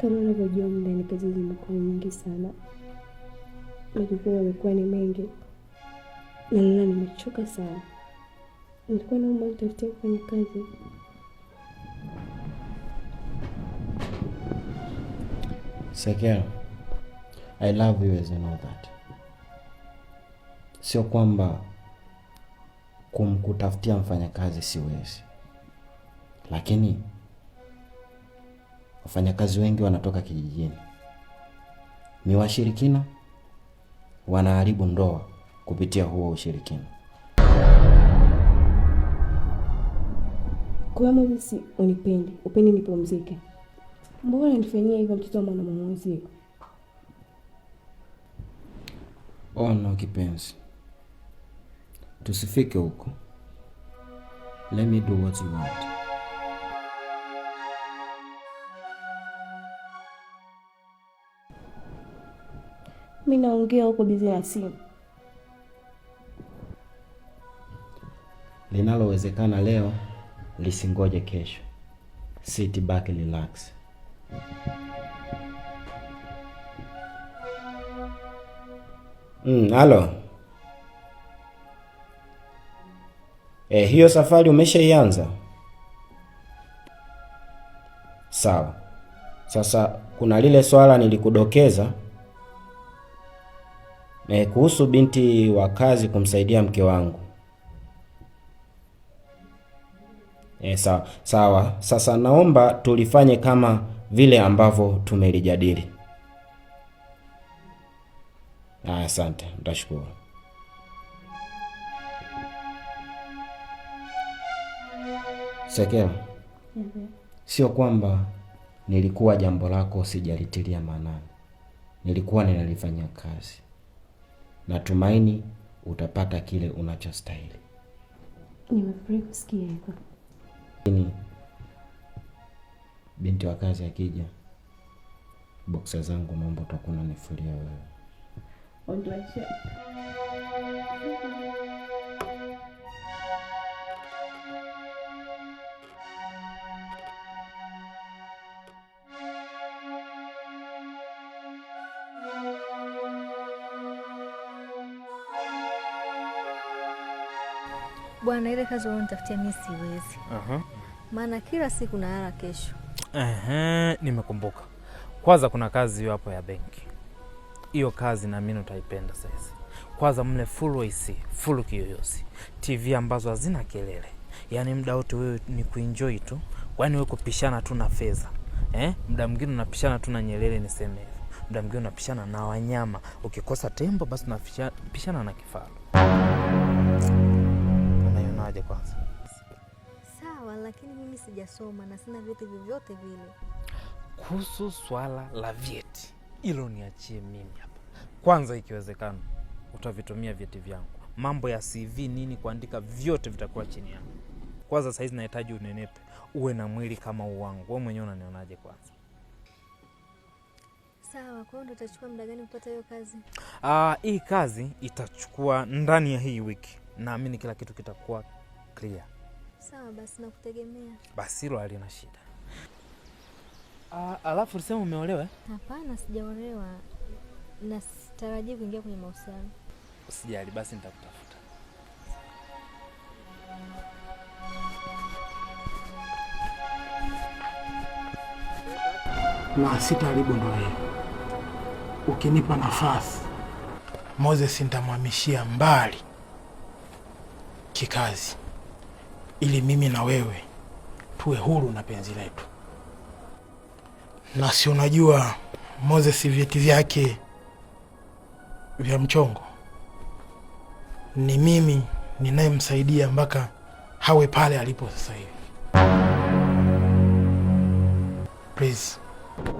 Kama unavyojua muda ni kazi zimekuwa nyingi sana, majukumu yamekuwa ni mengi na nina nimechoka sana. Nilikuwa naomba nitafutie kufanya kazi. Sekero, I love you as you know that. Sio kwamba kumkutafutia mfanyakazi siwezi, lakini wafanyakazi wengi wanatoka kijijini. Ni washirikina wanaharibu ndoa kupitia huo ushirikina. Kuamabisi unipendi upende nipumzike, mbona nifanyia hivyo mtoto wa mwanaume mwenzio? Oh no, kipenzi, tusifike huko. Let me do what you want. mi naongea huko bizi na simu. Linalowezekana leo lisingoje kesho. Sit back and relax. Mm, alo. Eh, hiyo safari umeshaianza? Sawa. Sasa kuna lile swala nilikudokeza E, kuhusu binti wa kazi kumsaidia mke wangu. E, eh, sawa sawa. Sasa naomba tulifanye kama vile ambavyo tumelijadili. Ah, asante, nitashukuru. Sekela, mm -hmm. Sio kwamba nilikuwa jambo lako sijalitilia maanani, nilikuwa ninalifanya kazi Natumaini utapata kile unachostahili. Nimefurahi kusikia hivyo. Lakini binti wa kazi akija, boksa zangu mambo utakuwa nifuria wewe. bwana, ile kazi unanitafutia mimi siwezi. Aha. Maana kila siku nalala kesho. Aha, nimekumbuka. Kwanza kuna kazi hiyo hapo ya benki. Hiyo kazi na mimi utaipenda sasa. Kwanza mle full AC, full kiyoyozi. TV ambazo hazina kelele. Yaani muda wote wewe ni kuenjoy tu. kwani wewe kupishana tu na fedha. Eh? Muda mwingine unapishana tu na nyelele niseme hivyo. Muda mwingine unapishana na wanyama. Ukikosa tembo basi unapishana na kifaru. Unaonaje kwanza? Sawa, lakini mimi sijasoma na sina vyeti vyovyote vile. Kuhusu swala la vyeti, hilo niachie mimi hapa kwanza. Ikiwezekana utavitumia vyeti vyangu, mambo ya CV nini kuandika, vyote vitakuwa chini yangu. Kwanza saizi nahitaji unenepe, uwe na mwili kama uwangu. Wewe mwenyewe unanionaje kwanza? Sawa, kwa hiyo ndo itachukua muda gani kupata hiyo kazi? Ah, hii kazi itachukua ndani ya hii wiki, naamini kila kitu kitakuwa clear. Sawa basi, nakutegemea. Basi hilo halina shida. Ah, alafu sema umeolewa? Hapana, sijaolewa na sitarajii kuingia kwenye mahusiano. Usijali, basi nitakutafuta. Na sitaribu ndoa hii. Ukinipa nafasi, Moses nitamhamishia mbali kikazi ili mimi na wewe tuwe huru na penzi letu. Na si unajua Moses vyeti vyake vya mchongo ni mimi ninayemsaidia mpaka hawe pale alipo sasa hivi. Please.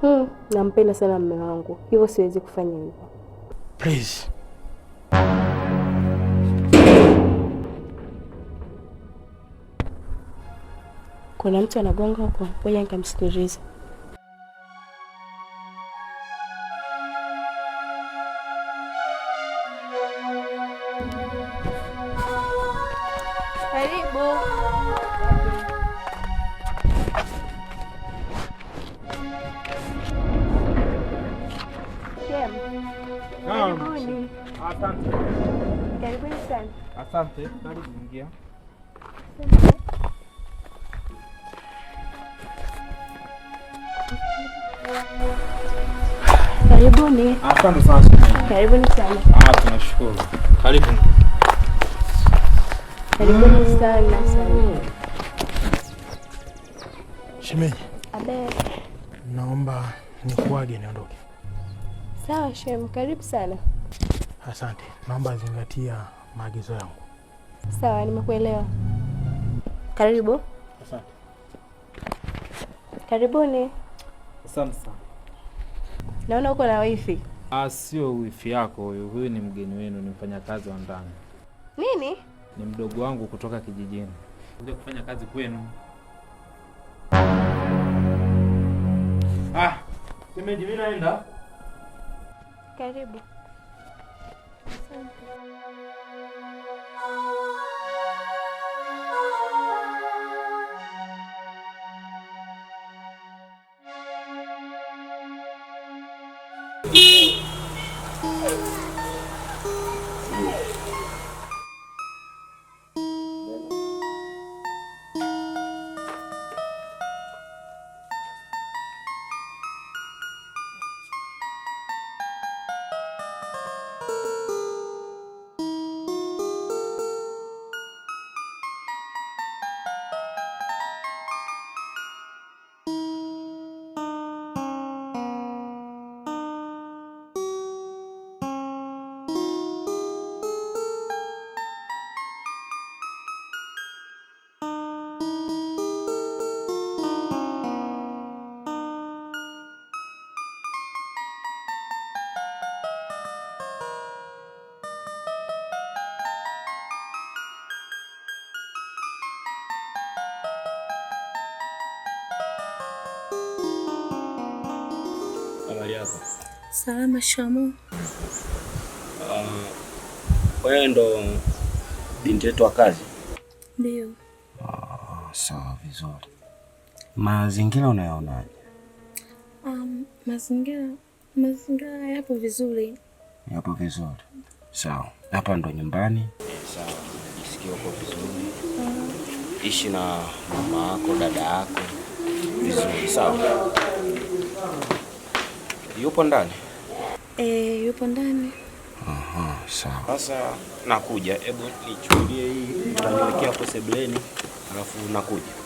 Hmm, nampenda sana mume wangu, hivyo siwezi kufanya hivyo. Please. kuna mtu anagonga huko, ngoja nikamsikiliza. Asante. Karibuni sana. Asante. Karibu ingia. Asante. Karibuni. Asante sana. Karibuni sana. Ah, tunashukuru. Karibu. Karibuni sana sana. Shemeji. Abe. Naomba nikuage niondoke. Sawa, shem, karibu sana. Asante. Naomba zingatia maagizo yangu. Sawa, nimekuelewa. Karibu. Asante. Karibuni. Samsa, naona uko na wifi. Ah, sio wifi yako huyu, huyu ni mgeni wenu, ni mfanyakazi wa ndani. Nini? Ni mdogo wangu kutoka kijijini, kuja kufanya kazi kwenu. Ah, mimi naenda. Karibu. Asante. Salama Shamu. Uh, um, wewe ndo binti yetu wa kazi? Ndio. Uh, sawa, vizuri. Mazingira unayoonaje Um, mazingira mazingira yapo vizuri. Yapo vizuri. Sawa. Hapa ndo nyumbani. Eh, sawa. Jisikie uko vizuri. Ah. Ishi na mama yako, dada yako vizuri. Sawa. Yupo ndani? E, yupo ndani. Aha, sawa. Sasa nakuja, hebu nichukulie hii, utaniwekea hapo sebleni, alafu nakuja.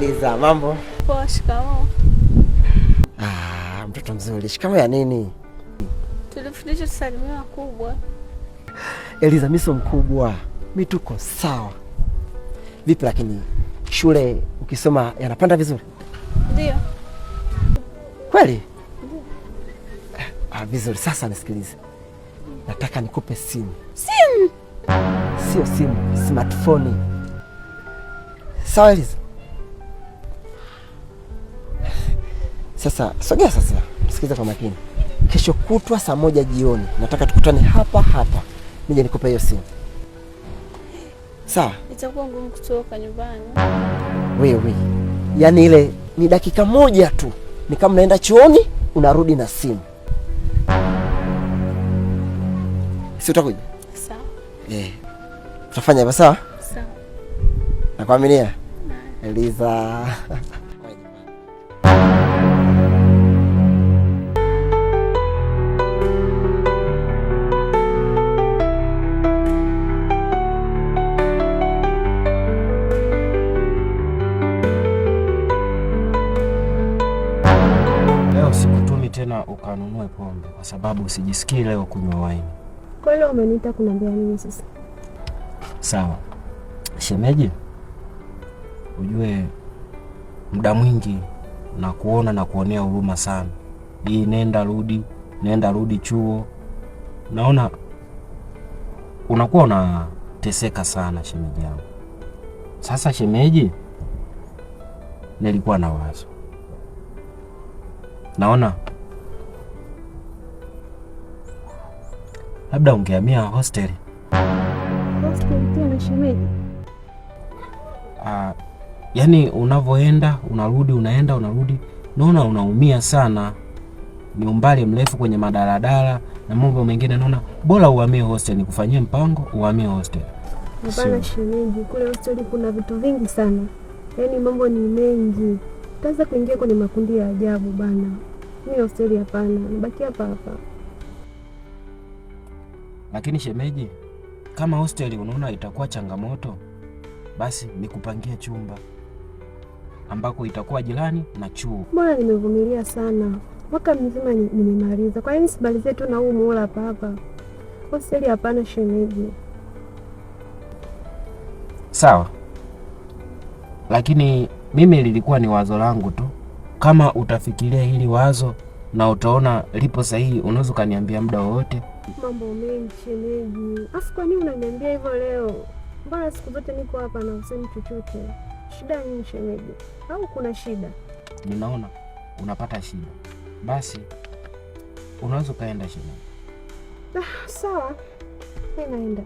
Eliza, mambo poa? Shikamo. Ah, mtoto mzuri, shikamo ya nini? Tulifundisha tusalimia wakubwa. Eliza, mimi sio mkubwa, mituko tuko sawa. Vipi lakini shule ukisoma yanapanda vizuri? Ndio. Kweli? Ah, vizuri. Sasa nisikilize, nataka nikupe simu. Simu? Sio simu, smartphone. Sawa Eliza? Sasa sogea sasa, sikiza kwa makini. Kesho kutwa saa moja jioni nataka tukutane hapa hapa, nije nikupe hiyo simu sawa? Itakuwa ngumu kutoka nyumbani wewe, yaani ile ni dakika moja tu, ni kama naenda chooni unarudi na simu, si utakuja? Sawa eh, utafanya hivyo sawa? Sawa, Nakuaminia. Eliza. tena ukanunue pombe, kwa sababu sijisikii leo kunywa waini. Kwa hiyo umeniita kuniambia nini sasa? Sawa shemeji, ujue muda mwingi na kuona na kuonea huruma sana. Hii nenda rudi, nenda rudi chuo, naona unakuwa unateseka sana shemeji yangu. Sasa shemeji, nilikuwa na wazo, naona labda ungehamia hosteli. Hosteli tena shemeji? Ah, yani unavyoenda unarudi, unaenda unarudi, naona unaumia sana, ni umbali mrefu kwenye madaladala na mambo mengine, naona bora uhamie hosteli, nikufanyie mpango uhamie hosteli. Hapana shemeji, kule hosteli kuna vitu vingi sana, yaani mambo ni mengi, utaanza kuingia kwenye makundi ya ajabu bana. Mimi hosteli hapana, nabaki hapa hapa. Lakini shemeji, kama hosteli unaona itakuwa changamoto, basi nikupangie chumba ambako itakuwa jirani na chuo. Mbona nimevumilia sana mwaka mzima nimemaliza, kwa nini simalizie tu na huu muhula papa? Hosteli hapana, shemeji. Sawa, lakini mimi lilikuwa ni wazo langu tu. Kama utafikiria hili wazo na utaona lipo sahihi, unaweza ukaniambia muda wowote mambo mengi shemeji. Afu kwa nini unaniambia hivyo leo? Mbona siku zote niko hapa na usemi chochote? Shida nini shemeji? Au kuna shida? Ninaona unapata shida, basi unaweza ukaenda shemeji. Ah, sawa, mi naenda.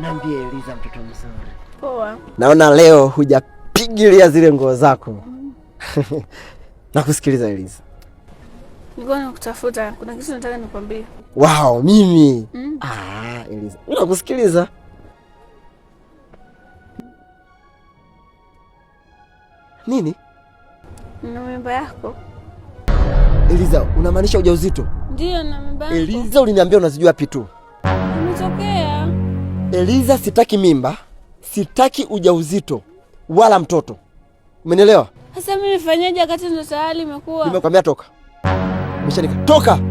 Niambie Eliza, mtoto mzuri. Poa. Naona leo hujapigilia zile nguo zako. Nakusikiliza Eliza. Nilikuwa nakutafuta. Kuna kitu nataka nikwambie. Wow, mimi. Mm. Ah, Eliza. Nakusikiliza. Nini? Na mimba yako. Eliza, unamaanisha ujauzito? Ndio, na mimba yako. Eliza, uliniambia unazijua pitu. Umetokea? Eliza, sitaki mimba, sitaki ujauzito wala mtoto, umenielewa? Sasa mimi nifanyaje wakati ndo tayari imekuwa? Nimekwambia toka, umeshanika toka.